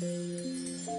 Música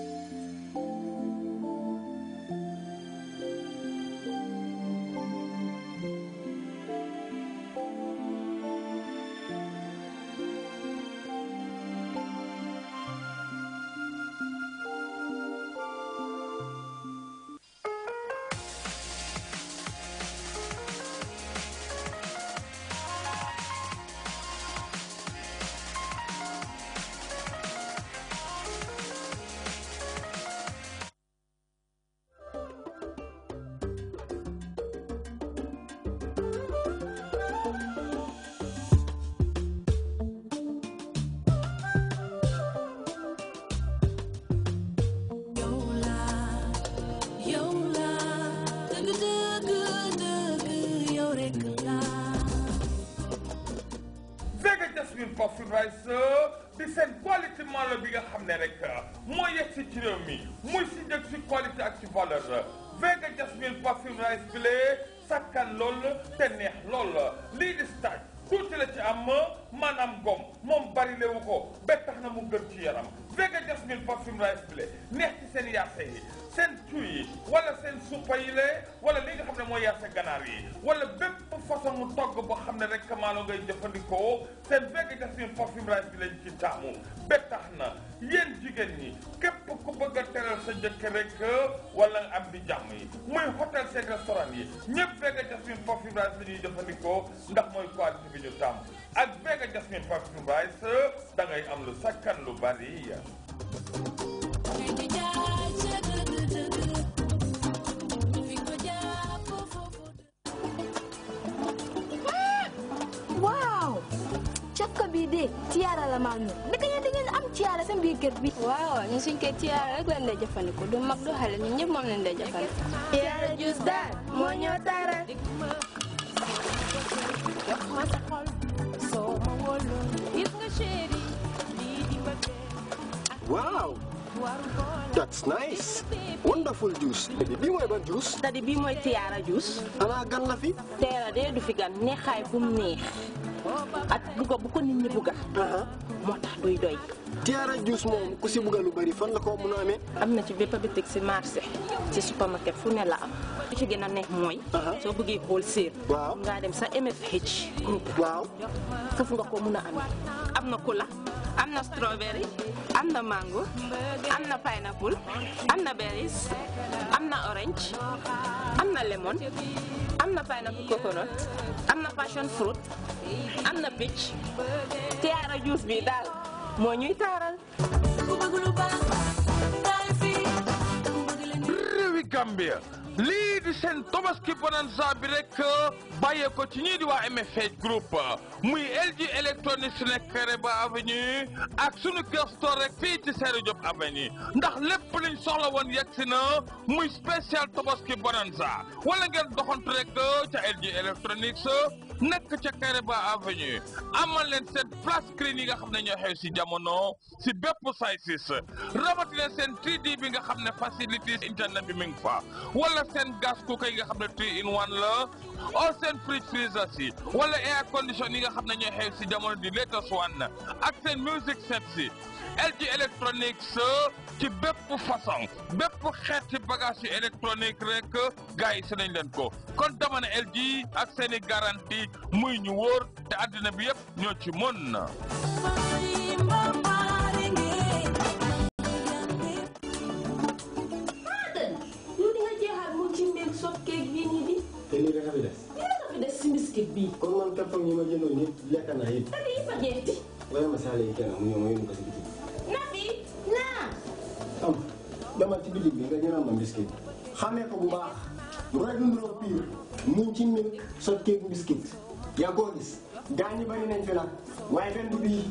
suñu mbokk superviseur di seen qualité la bi nga xam ne rek moo yegg si ci réew mi muy si dëkk si qualité ak si valeur Vega Jasmine Perfume Rice bi sakkan lool te neex lool lii di stage la ci am maanaam gom moom bari lewu ko ba na mu gën ci yaram Vega Jasmine Perfume Rice bi neex ci seen yaase yi seen cuy yi wala seen suppa yi le wala li nga mooy yaase ganaar wala bépp façon togg boo xam ne rek maalo ngay jëfandikoo seen végétation perfume rice bi lañ ci taamu ba na yéen jigéen ñi képp ku bëgg a teral sa jëkkër rek wala am di jàmm yi muy hôtel seeg restaurant yi ñëpp végétation perfume rice la ñuy jëfandikoo ndax mooy qualité bi ñu taamu ak végétation perfume rice da ngay am lu sakkan lu bari idée tiara la maa ñëw dëkk ña da am tiara seen biir kër bi waaw ñu suñ koy tiara rek lañ lay jëfandikoo ya. du mag du xale ñun ñëpp mom lañ lay jëfandikoo tiara ya, jus daal moo ñëw taara Wow, that's nice. Wonderful juice. Tadi bi mooy ban juice? Tadi bi mooy tiara juice. Ala gan la fi? Teera dee du fi gan neexaay bu mu neex. ak bugga bu ko nit ñi bugga moo tax duy doy tiyaara juus moom ku si bugga lu bari fan la ko mun a am na ci bépp bitik si ci supermarket fu ne am li ci gën a neex mooy soo bëggee xool séer nga dem sa MFH groupe waaw foofu nga ko mun a amee am na cola am na strawberry am na mango am na pineapple am na berries am na orange am na lemon am na pineapple coconut am na passion fruit am na picc tiyaara juus bi daal moo ñuy taaral réewi Gambia lii di seen tobaski bonanza ci di wa MFH group muy LG électronique nekk Kairaba avenue ak sunu Gulf Store rek fii ci Sairé Joob avenue ndax lépp liñ soxla woon yegsi na muy spécial tobaski bonanza wala ngeen doxantu rek ca LG électronique nekk ca Kairaba avenue amal leen seen place screen yi nga xam ne ñoo xew si jamono si bépp say sis rawatina seen 3D bi nga xam facilities internet bi mi ngi fa wala seen gas cooker yi nga xam 3 in 1 la oo seen fridge freezer si wala air condition yi nga xam ne ñoo xew si jamono di latest one ak seen music set si LG Electronics ci bépp façon bépp xeeti bagage yu électronique rek gars yi si nañ leen ko kon dama ne LG ak seeni garantie yi muy ñu wóor te àddina bi yëpp ñoo ci mën na kon man kappa yi ma jëndoon ñëpp lekk naa yëpp. Nafi yi fa jeeti. waaye ma saale yi kenn mu ñëw ma yóbbu naa. am dama ci bitig bi nga jëndal ma biscuit. xamee ko bu rajulo piir munkin min sottkeeku biscuit yaa koo gis gaa ñi bari fi nag waaye benn bi bii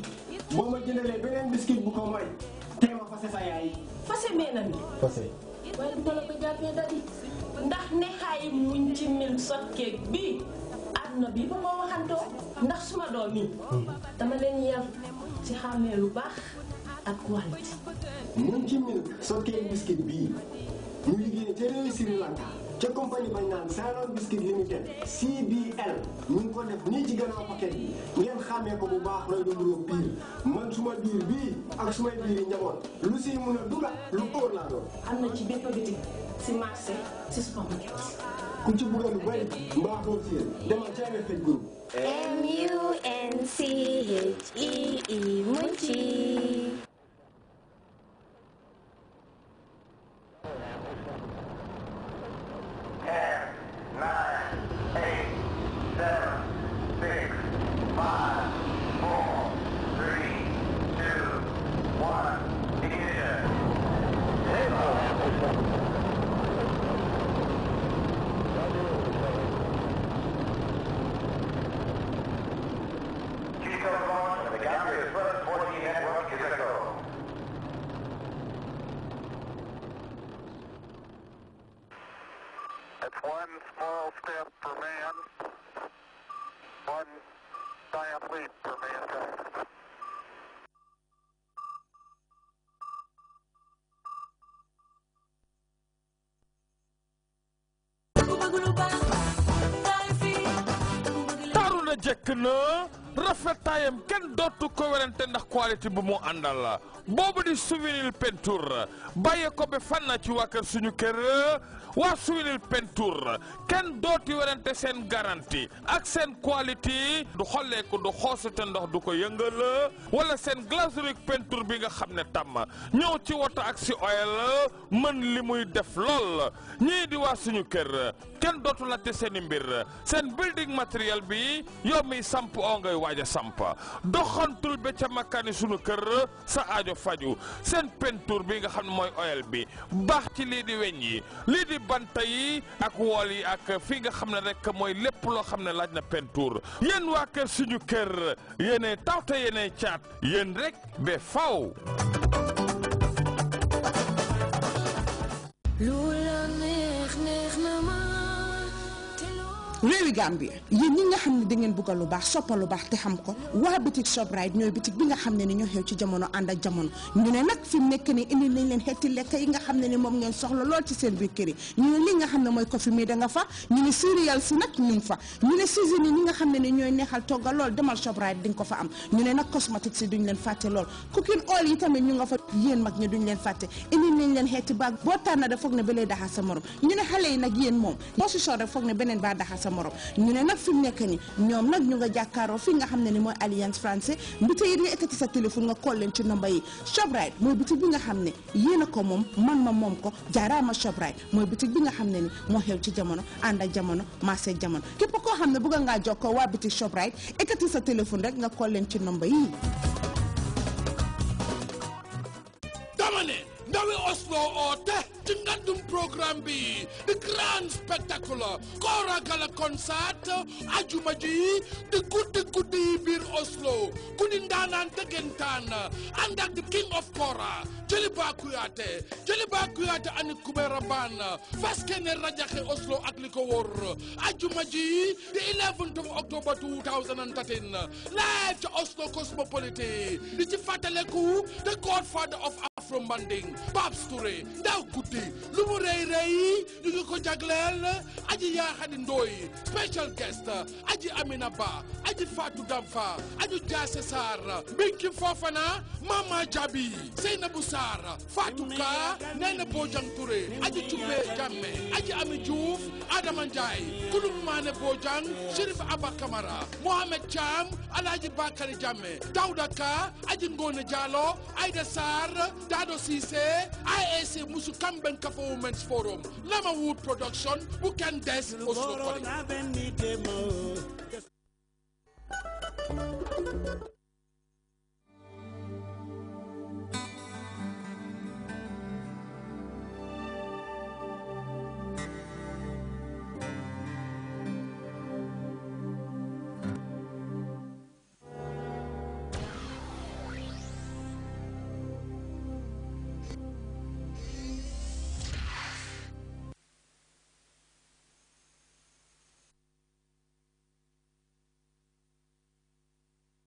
boo ma jëndalee beneen biscuit bu ko may tee ma fase sa yaay fase mee na mi fase waaye bu ma la ko jàppee dadi ndax ne xaayi muñ ci mil sottkeek bii àdduna bi ba moo waxantoo ndax suma doom yi hmm. dama leen yar ci xàmmee lu baax ak qualité muñ ci mil sottkeek biscuit bii ñu liggéey ca réew Sri Lanka ca compagnie bañ naan Saron Biscuit Limited CBL ñu ko def nii ci gannaaw paquet bi ngeen xàmmee ko bu baax looy dundaloo biir man suma biir bii ak sumay biir yi lu siy mun a lu óor laa doon. am ci bépp bitik si marché si supermarket. ku ci bëgg lu bari mbaa koo ci yéen demal ci MFH group. M U N C H E E Munchie. One small step for man, one giant leap for mankind. Taru Jack na rafetaayam kenn dootu ko werante ndax qualité bu mu àndal la boobu di souvenir peinture bàyyee ko ba fan na ci waa kër suñu kër waa souvenir peinture kenn dooti werante seen garantie ak seen qualité du xolleeku du xoosute ndox du ko yëngal wala seen glazurique peinture bi nga xam ne tàmm ñëw ci woto ak si oil mën li muy def lool ñii di waa suñu kër kenn dootu laajte seen i mbir seen building matériel bi yow miy samp oo ngay waaj waaj a sampa doxantul ba ca makkaani sunu kër sa ajo faju seen pentur bi nga xam ne mooy oyel bi baax ci lii di weñ yi lii di banta yi ak wool yi ak fii nga xam ne rek mooy lépp loo xam ne laaj na pentur yéen waa kër suñu kër yéenay tawte yéenay caat yéen rek ba faw réewi Gambia yéen ñi nga xam ne da ngeen lu baax soppa lu baax te xam ko waa bitik Shoprite ñooy bitik bi nga xam ne ni ñoo xew ci jamono ànd ak jamono ñu ne nag fi mu nekk ni indi nañ leen xeeti lekk yi nga xam ne ni moom ngeen soxla lool ci seen biir kër yi ñu ne li nga xam ne mooy kofi mi da nga fa ñu ne céréales si nag ñu fa ñu ne season yi nga xam ne ni ñooy neexal togga lool demal Shoprite di nga ko fa am ñu ne nag cosmétiques si duñ leen fàtte lool cooking oil yi tamit ñu nga fa yéen mag ñi duñ leen fàtte indi nañ leen xeeti baag boo tànn da foog ne ba lay daxaa sa morom ñu ne xale yi nag yéen moom boo si sore foog ne beneen baa daxaa sa morom ñu ne nag fi nekk ni ñoom nag ñu nga jàkkaaroo fi nga xam ne ni mooy alliance français mbite yi nga ekkati sa téléphone nga call leen ci namba yi Shoprite bi nga xam ne yéen ko moom man ma moom ko jaaraama Shoprite mooy bitig bi nga xam ne ni moo xew ci jamono ànd ak jamono marché jamono képp koo xam ne bëgg ngaa jokkoo waa bitig Shoprite ekkati sa téléphone rek nga call leen ci namba dama ne ndawi Oslo oo ci ngaddum programme bi the grand spectacle Kora Gala concert ajuma ji di guddi guddi biir Oslo guddi ndaanaan dëggantaan ànd ak the king of Kora Jaliba Kuyate Jaliba Kuyate ani Kumera Ban fas kene rajaxe Oslo ak li ko wóor ajuma ji di October live ca Oslo Cosmopolitan di ci fàttaleku the godfather of from Manding Paps Touré Ndaw Guddi lu mu rëy rëy ñu ngi ko jagleel aji yaa xadi special guest aji Amina aji Fatou Damfa aji Jaase Sarr Mbinki Fofana Mama Jabi Seynabou Sarr Fatou Ka Nene Bojang Touré aji Cubbee Jamme aji Ami Diouf Adama Ndiaye Kulum Maane Bojang Aba Kamara Mohamed Thiam Alaaji Bakari Jamme Daouda Ka aji Ngoone Diallo Aïda Sarr Dado Cissé IAC musu Kamben Kafa Women's Forum Lama Wood Production bu kenn des Oslo